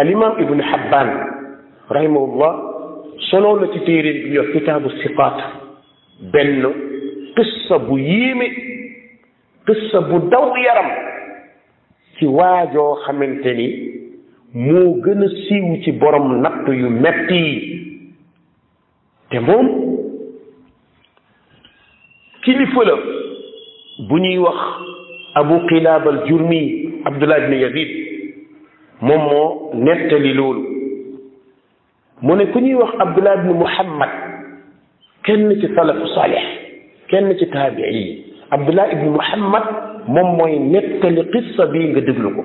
الإمام ابن حبان رحمه الله سنو نتتير بيو كتاب الثقات بن قصة بو قصة بو دو يرم كي واجو خمنتني مو جن سيو تي برم نقطة يو مبتي تمام كيلي فولا بني وخ أبو قلاب الجرمي عبد الله بن يزيد moom moo nettali loolu mu ne ku ñuy wax abdullah ibn muhammad kenn ci salafu salih kenn ci taabii yi abdullah ibn muhammad moom mooy nettali qissa bii nga déglu ko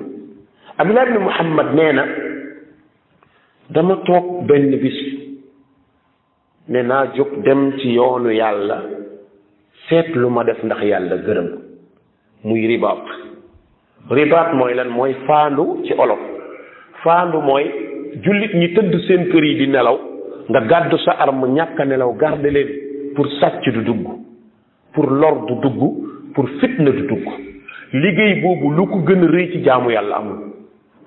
abdullah ibn muhammad nee na dama toog benn bis ne naa jóg dem ci yoonu yàlla seet lu ma def ndax yàlla gërëm muy ribaat ribaat mooy lan mooy faandu ci olof faandu mooy jullit ñi tëdd seen kër yi di nelaw nga gàddu sa arme ñàkk a nelaw garde leen pour sàcc du dugg pour lor du dugg pour fitna du dugg liggéey boobu lu ko gën a rëy ci jaamu yàlla amul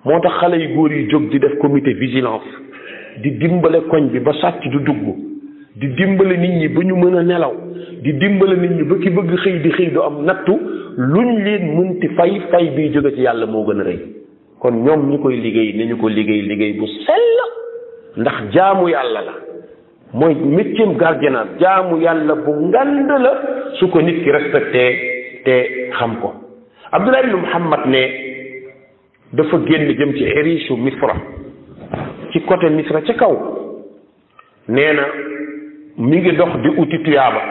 moo tax xale yu góor yi jóg di def comité vigilance di dimbale koñ bi ba sàcc du dugg di dimbale nit ñi ba ñu mën a nelaw di dimbale nit ñi ba ki bëgg xëy di xëy du am nattu luñ leen mënti fay fay bi jóge ci yàlla moo gën a rëy kon ñoom ñu koy liggéey nañu ko liggéey liggéey bu sell ndax jaamu yàlla la mooy métiem gardiennage jaamu yàlla bu ngand la su ko nit ki respecté te xam ko Abdullah ibn Muhammad ne dafa génn jëm ci Érishu Misra ci côté Misra ca kaw nee na mi ngi dox di uti tuyaaba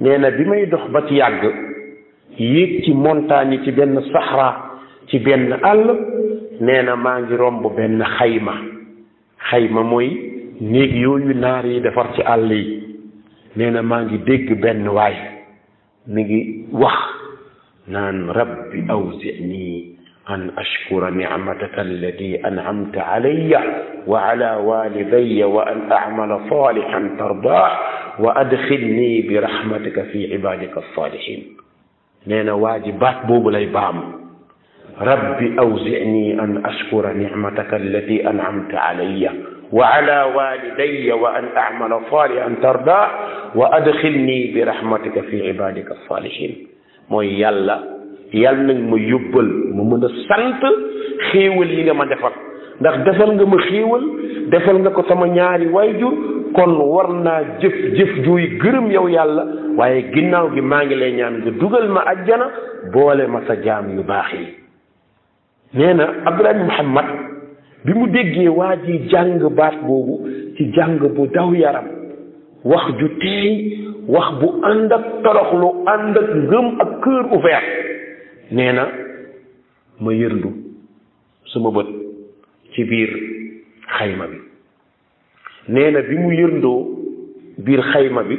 nee na bi may dox ba ci yàgg yéeg ci montagne ci benn saxra ci benn àll nee na maa ngi romb benn xayma xayma mooy néeg yooyu naar yi defar ci àll yi nee na maa ngi dégg benn waay mi ngi wax naan rabbi awzini an ashkura nicmataka alladi anamta calaya wa cala walidaya wa an acmala saalixan tardaa wa adxilni bi raxmatika fi cibaadika alsaalixiin nee na waa ji baat boobu lay baam رب أوزعني أن أشكر نعمتك التي أنعمت علي وعلى والدي وأن أعمل صالحا ترضى وأدخلني برحمتك في عبادك الصالحين mooy يلا يلا مو يبل مو ma mën a sant xéewal yi ndax defal nga ma xéewal defal nga ko sama ñaari waajur kon war naa jëf jëf juuy gërëm yow yàlla waaye ginnaaw gi maa ngi lay ñaan nga dugal ma ajjana boole ma sa jaam yu baax yi nee na Abdoulaye Muhammad bi mu déggee waa ji jàng baat boobu ci jàng bu daw yaram wax ju teey wax bu ànd ak toroxlu ànd ak ngëm ak cœur ouvert nee na ma yërndu sama bët ci biir xayma bi nee bi mu yërndoo biir xayma bi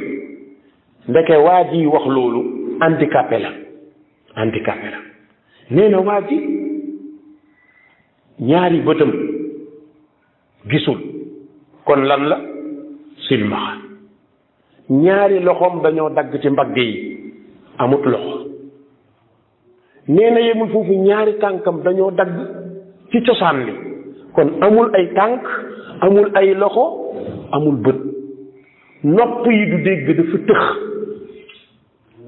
ndeke waa ji wax loolu handicapé la handicapé la nee waa ji ñaari bëtam gisul kon lan la silmaxa ñaari loxoom dañoo dagg ci mbagg yi amut loxo nee na yemul foofu ñaari tànkam dañoo dagg ci cosaan li kon amul ay tànk amul ay loxo amul bët nopp yi du dégg dafa tëx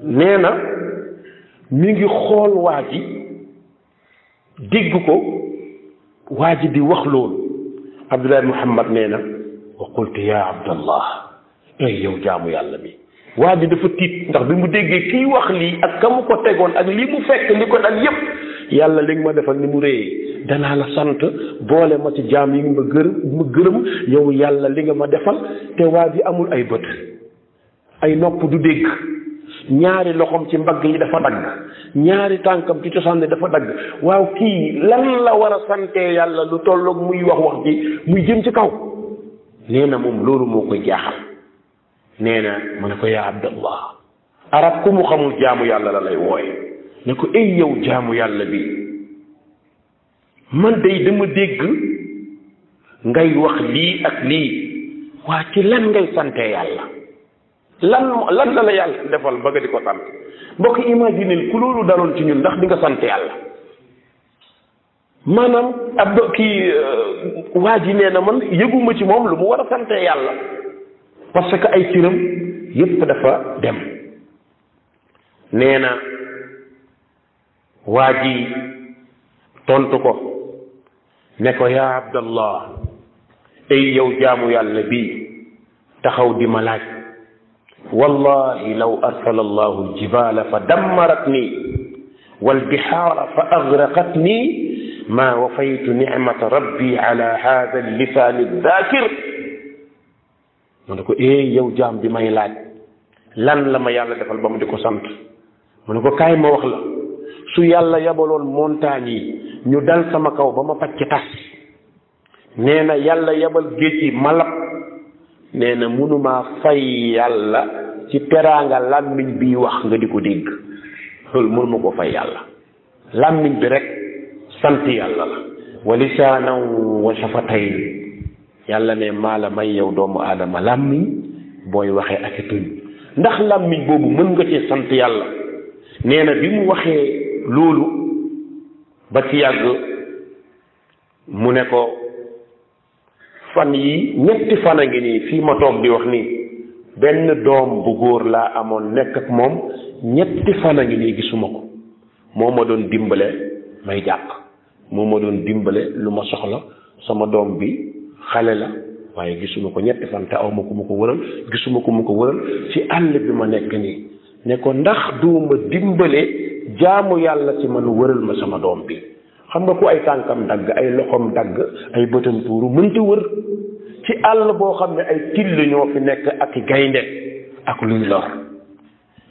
nee na mi ngi xool waa ji dégg ko waa ji di wax loolu abdullahi muhammad nee na wa qultu yaa abdallah ay yow jaamu yàlla bi waa ji dafa tiit ndax bi mu déggee kiy wax lii ak ka mu ko tegoon ak lii mu fekk li ko dal yépp yàlla li nga ma defal ni mu réyee danaa la sant boole ma ci jaam yi ma gërëm ma gërëm yow yàlla li nga ma defal te waa ji amul ay bët ay nopp du dégg ñaari loxoom ci mbagg yi dafa dagg ñaari tànkam ci cosaan dafa dagg waaw kii lan la war a sante yàlla lu tollook muy wax wax ji muy jëm ci kaw nee na moom loolu moo koy jaaxal nee na ma a ko yaa abdallah arab ku mu xamul jaamu yàlla la lay wooye ne ko ay yow jaamu yàlla bi man day dama dégg ngay wax lii ak lii waa ci lan ngay sante yàlla lan lan la la yàlla defal ba nga di ko sant bokk imagine ku lolu daloon ci ñun ndax di nga sant yàlla manam ab do ki waji neena man yëguma ci mom lu mu wara sante yàlla parce que ay ciirem yépp dafa dem neena waji tontu ko ne ko ya abdallah ay yow jaamu yàlla bi taxaw di malaaj laaj والله لو أرسل الله الجبال فدمرتني والبحار فأغرقتني ما وفيت نعمة ربي على هذا اللسان الذاكر منكو إيه يو جام بما يلاد لن لما يالا دفل بام ديكو منكو كاي ما سو يالا يبولون مونتاني نيو دال سما كاو بما فاتش تاس نينا يالا يبل جيتي ملق nee na mënumaa fay yàlla ci teraanga làmmiñ bi wax nga di ko dégg loolu mënuma ko fay yàlla làmmiñ bi rekk sant yàlla la wa lisaanan wa shafatayn yàlla ne maa la may yow doomu aadama làmmiñ booy waxee ak tuñ ndax làmmiñ boobu mën nga ci sant yàlla nee na bi mu waxee loolu ba ci yàgg mu ne ko fan yi ñetti fan a ngi nii fii ma toog di wax nii benn doom bu góor laa amoon nekk ak moom ñetti fan a ngi nii gisuma ko moo ma doon dimbale may jàpp moo ma doon dimbale lu ma soxla sama doom bi xale la waaye gisuma ko ñetti fan te aw ma ma ko wëral gisuma ku ma ko wëral ci àll bi ma nekk nii ne ko ndax duuma dimbale jaamu yàlla ci man wëral ma sama doom bi xam nga ku ay tànkam dagg ay loxoom dagg ay bëtam tuuru mënta wër ci àll boo xam ne ay till ñoo fi nekk ak gaynde ak luy lor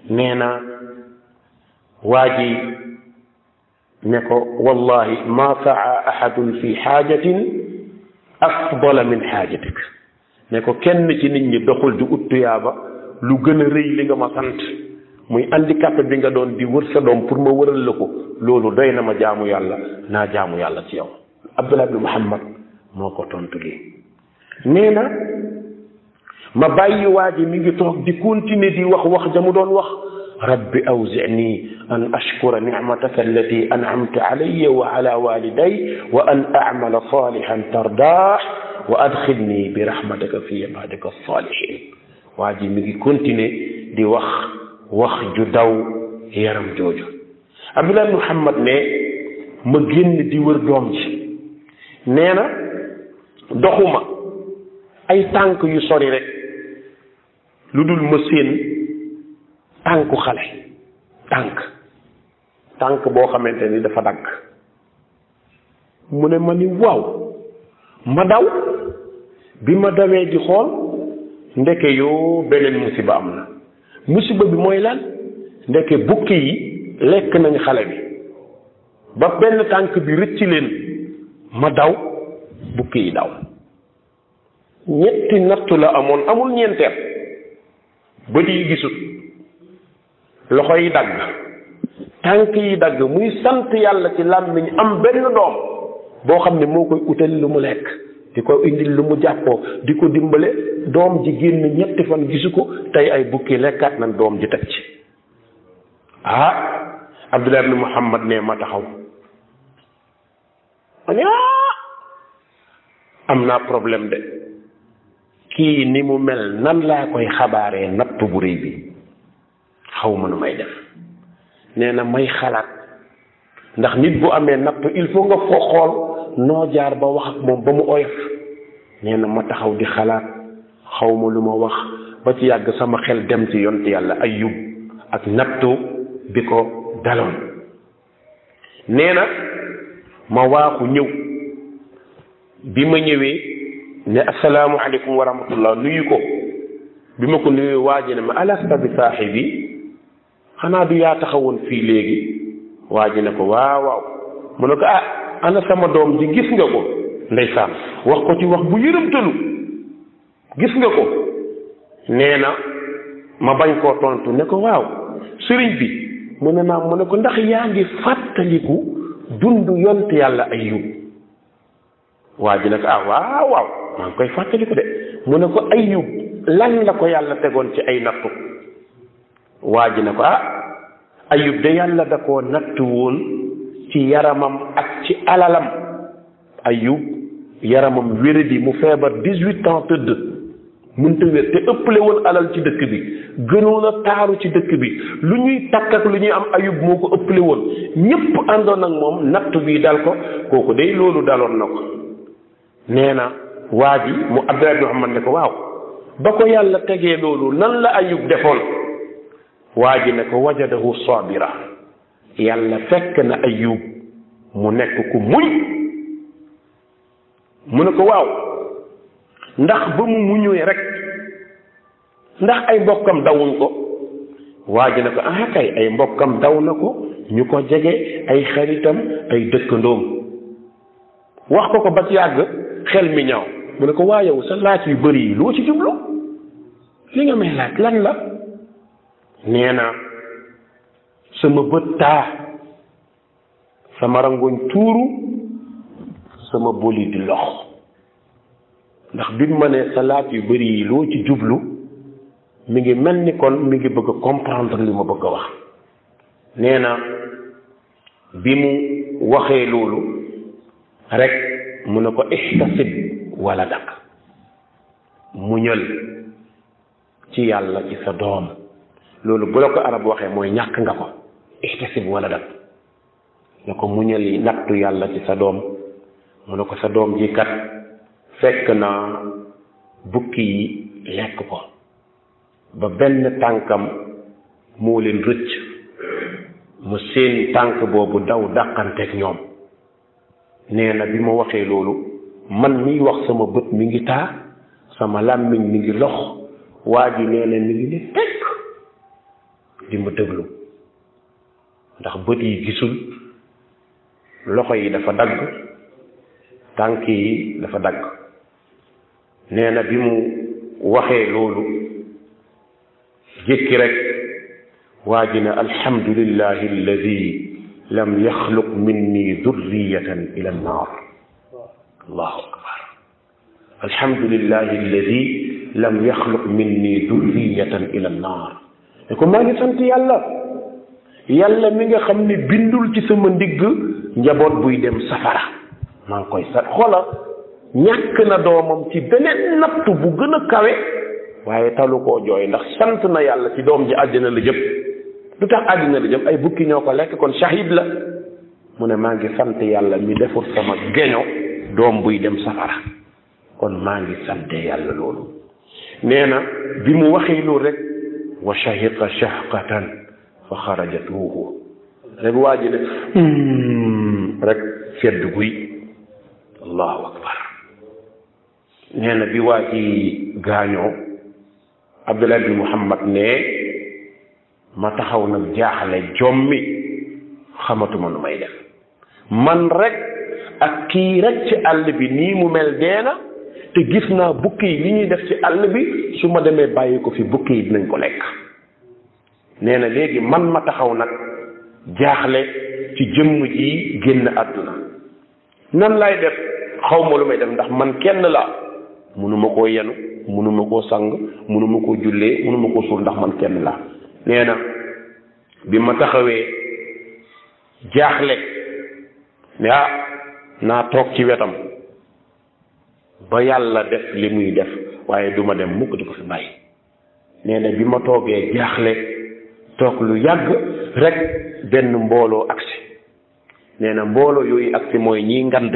nee na waa ji ne ko wallahi ma saa ahadun fi xaajatin afdala min xaajatik ne ko kenn ci nit ñi doxul di ut tuyaaba lu gën a rëy li nga ma sant muy handicap bi nga doon di wër sa doom pour ma wëral la ko loolu doy na ma jaamu yàlla naa jaamu yàlla ci yow abdullah bi muhammad moo ko tontu gi nee na ma bàyyi waa ji mi ngi toog di continuer di wax wax ja mu doon wax رب أوزعني أن أشكر نعمتك التي أنعمت علي وعلى والدي وأن أعمل صالحا ترضاه وأدخلني برحمتك في عبادك الصالحين واجي ميغي كونتيني دي وخ wax ju daw yaram jooju abdullah muhammad ne ma génn di wër doom ji nee na doxuma ay tànk yu sori rek lu dul ma séen tànku xale tànk tànk boo xamante ni dafa dagg mu ne ma ni waaw ma daw bi ma dawee di xool ndeke yoo beneen musiba am na musiba bi mooy lan ndeke bukki yi lekk nañ xale bi ba benn tànk bi rëcc leen ma daw bukki yi daw ñetti nattu la amoon amul ñeenteel bët yi gisut loxo yi dagg tànk yi dagg muy sant yàlla ci làmmiñ am benn doom boo xam ne moo koy utal lu mu lekk di ko indil lu mu jàppoo di ko dimbale doom ji génn ñetti fan gisu ko tey ay bukki lekkaat nan doom ji teg ci ah abdullah ibn muhammad ne ma taxaw ah, am naa problème de kii ni mu mel nan laa koy xabaaree natt bu réy bi xaw ma may def nee na may xalaat ndax nit bu amee natt il faut nga xool noo jaar ba wax ak moom ba mu oyof nee na ma taxaw di xalaat xaw ma lu ma wax ba ci yàgg sama xel dem ci yont yàlla ayub ak nattu bi ko daloon nee na ma waaxu ñëw bi ma ñëwee ne asalaamu aleykum wa rahmatullah nuyu ko bi ma ko nuyu waaji ne ma alasta bi xanaa du yaa taxawoon fii léegi waaji ne ko waaw waaw mu ne ko ah ana sama doom ji gis nga ko ndeysaan wax ko ci wax bu yërëmtalu gis nga ko nee na ma bañ koo tontu ne ko waaw sëriñ bi mu ne naa mu ne ko ndax yaa ngi fàttaliku dund yont yàlla ayub waa ji ne ko ah waaw waaw maa ngi koy fàttaliku de mu ne ko ayub lan la ko yàlla tegoon ci ay nattu waa ji ne ko ah ayub de yàlla da koo natt woon ci yaramam ak ci alalam ayub yaramam wéradi mu feebar dix-huit ans tëdd mënta wér te ëpple woon alal ci dëkk bi gënoon a taaru ci dëkk bi lu ñuy takk ak lu ñuy am ayub moo ko ëpple woon ñépp àndoon ak moom natt bii dal ko kooku day loolu daloon na ko nee na waa ji mu Abdullah ibn Muhammad ne ko waaw ba ko yàlla tegee loolu nan la ayub defoon waa ji ne ko wajadahu sabira yàlla fekk na ayub mu nekk ku muñ mu ne ko waaw ndax ba mu muñuwee rek ndax ay mbokkam dawuñ ko waa ji ne ko ah ay mbokkam daw na ko ñu ko jege ay xaritam ay dëkkandoom wax ko ko ba ci yàgg xel mi ñaw mu ne ko waa yow sa laaj yu bari yi loo ci jublu li nga may laaj lan la nee na sama bët sama rangoñ tuuru sama boli di lox ndax bi ma ne salaat yu bari yi loo ci jublu mi ngi mel ni kon mi ngi bëgg comprendre li ma bëgg a wax nee na bi mu waxee loolu rek mu ne ko ihtasib wala dak muñal ci yàlla ci sa doom loolu bu la ko arab waxee mooy ñàkk nga ko ihtasib wala dak ne ko muñal yi nattu yàlla ci sa doom mu ne ko sa doom ji kat fekk naa bukki yi lekk ko ba benn tànkam moo leen rëcc mu seen tànk boobu daw dàqanteeg ñoom nee na bi ma waxee loolu man miy wax sama bët mi ngi taa sama làmmiñ mi ngi lox waa ji nee na mi ngi ne tekk di ma déglu ndax bët yi gisul loxo yi dafa dagg tànk yi dafa dagg nee na bi mu waxee loolu jékki rek waa ji ne alhamdulillahi alladi lam yaxluq minni dhurriyatan ila annaar allahu akbar alhamdulillahi alladi lam yaxluq minni dhurriyatan ila annaar ne ko maa ngi sant yàlla yàlla mi nga xam ne bindul ci sama ndigg njaboot buy dem safara maa ngi koy sa xoola ñàkk na doomam ci beneen nattu bu gën a kawe waaye talu koo jooy ndax sant na yàlla ci doom ji àddina la jëm du tax àddina la jëm ay bukki ñoo ko lekk kon shahid la mu ne maa ngi sant yàlla mi defut sama geño doom buy dem safara kon maa ngi sante yàlla loolu nee na bi mu waxee loolu rek wa shahiqa shahqatan fa xarajat rek waa ji hmm, rek sedd guy allahu akbar nee na bi waa ci gaañoo abdullah bin muhammad ne ma taxaw nag jaaxle jommi xamatuma nu may def man rek ak kii rek ci àll bi nii mu mel dee na te gis naa bukki yi li ñuy def ci àll bi su ma demee bàyyi ko fi bukki yi dinañ ko lekk nee na léegi man ma taxaw nag jaaxle ci jëmm ji génn àdduna nan laay def xaw ma lu may def ndax man kenn laa mënuma koo yenu mënuma koo sang mënuma koo jullee munuma koo suul ndax man kenn laa nee na bi ma taxawee jaaxle ne ah naa toog ci wetam ba yàlla def li muy def waaye duma dem mukk di ko fi bàyyi nee bi ma toogee jaaxle toog lu yàgg rek benn mbooloo agsi nee na mbooloo yooyu agsi mooy ñiy ngand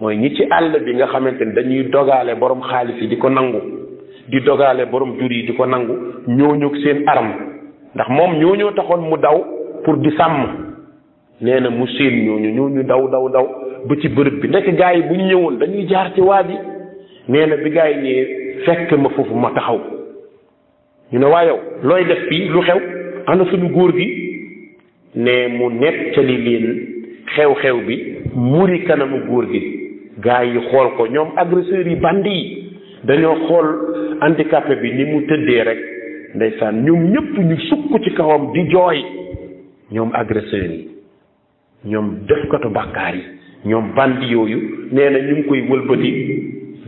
mooy ñi ci àll bi nga xamante ni dañuy dogaale boroom xaalis yi di ko nangu di dogale borom jur yi di ko nangu ñooñu seen aram ndax moom ñoo taxoon mu daw pour di sàmm nee na mu seen ñooñu ñooñu daw daw daw ba ci bërëb bi ndekk gaa yi bu ñu ñëwoon dañuy jaar ci waa yi nee na bi gaa yi ñëwee fekk ma foofu ma taxaw ñu ne waa yow looy def fii lu xew ana suñu góor gi ne mu nettali leen xew-xew bi muri kanamu góor gi gars yi xool ko ñoom agresseurs yi bandi yi dañoo xool handicapé bi ni mu tëddee rek ndeysaan ñoom ñëpp ñu sukk ci kawam di jooy ñoom agresseurs yi ñoom defkatu bàkkaar yi ñoom bandi yooyu nee na ñu ngi koy wëlbati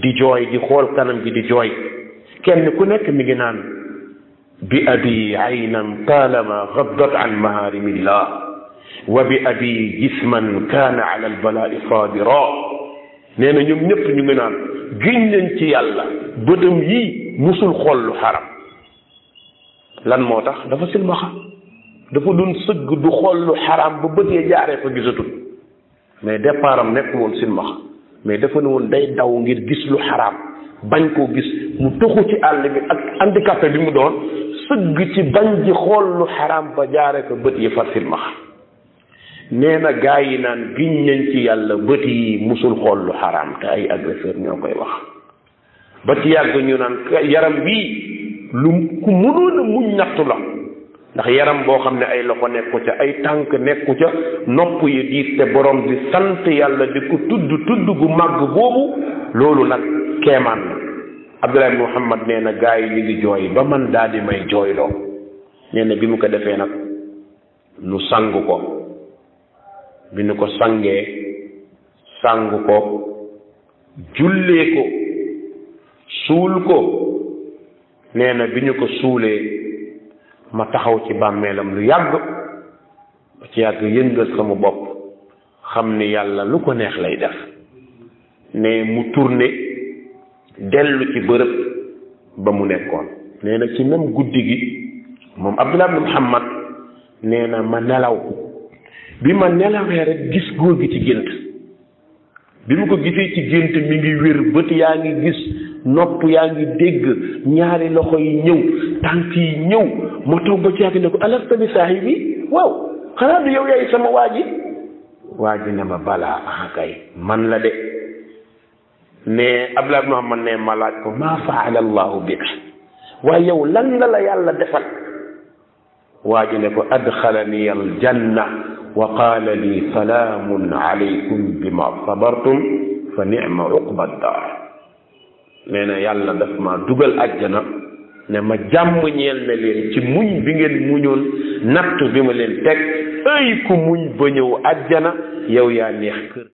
di jooy di xool kanam gi di jooy kenn ku nekk mi ngi naan بأبي عينا طالما غضت عن مهارم الله وبأبي جسما كان على البلاء صادرا نينا نيوم نيب نيو نان جين نانتي يالا بدم يي موسول خول حرام لان موتاخ دا فاسيل مخا دا فا دون سغ دو خول حرام بو بغي جاري فا غيسوتو مي ديبارام نيك وون سين مخا مي دا فا نون داي داو غير غيس لو حرام بانكو غيس مو توخو سي الله بي اك اندي كافي بي مو دون sëgg ci bañ ji xool lu xaraam ba jaare ko bët yi far nee na gaa yi naan giñ nañ ci yàlla bët yi musul xool lu xaraam te ay agresseur ñoo koy wax ba ci yàgg ñu naan yaram bii lu ku mënoon a muñ nattu la ndax yaram boo xam ne ay loxo nekku ca ay tànk nekku ca nopp yi diis te boroom bi sant yàlla di ko tudd tudd gu màgg boobu loolu nag keemaan la Abdoulaye Mouhamad nee na gars yi ñu ngi jooy ba man daal di may jooyloo nee bi mu ko defee nag nu sang ko bi nu ko sangee sang ko jullee ko suul ko nee na bi ñu ko suulee ma taxaw ci bàmmeelam lu yàgg ba ci yàgg yëngal sama bopp xam ni yàlla lu ko neex lay def ne mu tourné. dellu ci bërëb ba mu nekkoon nee na ci même guddi gi moom Abdullah ibn Muhammad nee na ma nelaw bi ma nelawee rek gis góor gi ci gént bi mu ko gisee ci gént mi ngi wér bët yaa ngi gis nopp yaa ngi dégg ñaari loxo yi ñëw tànk yi ñëw ma toog ba ci yàgg ne ko bi waaw xanaa du yow yaay sama waa ji waa ne ma balaa ah man la de ne Abdoulaye ibn Muhammad ne ma laaj ko maa faala allahu bika waaye yow lan la la yàlla defal waa ji ne ko adxalani aljanna wa qaala li salaamun alaykum bima sabartum fa nicma uqba daar nee na yàlla daf ma dugal àjjana ne ma jàmm ñeel na leen ci muñ bi ngeen muñoon nattu bi ma leen teg ay ku muñ ba ñëw àjjana yow yaa neex kër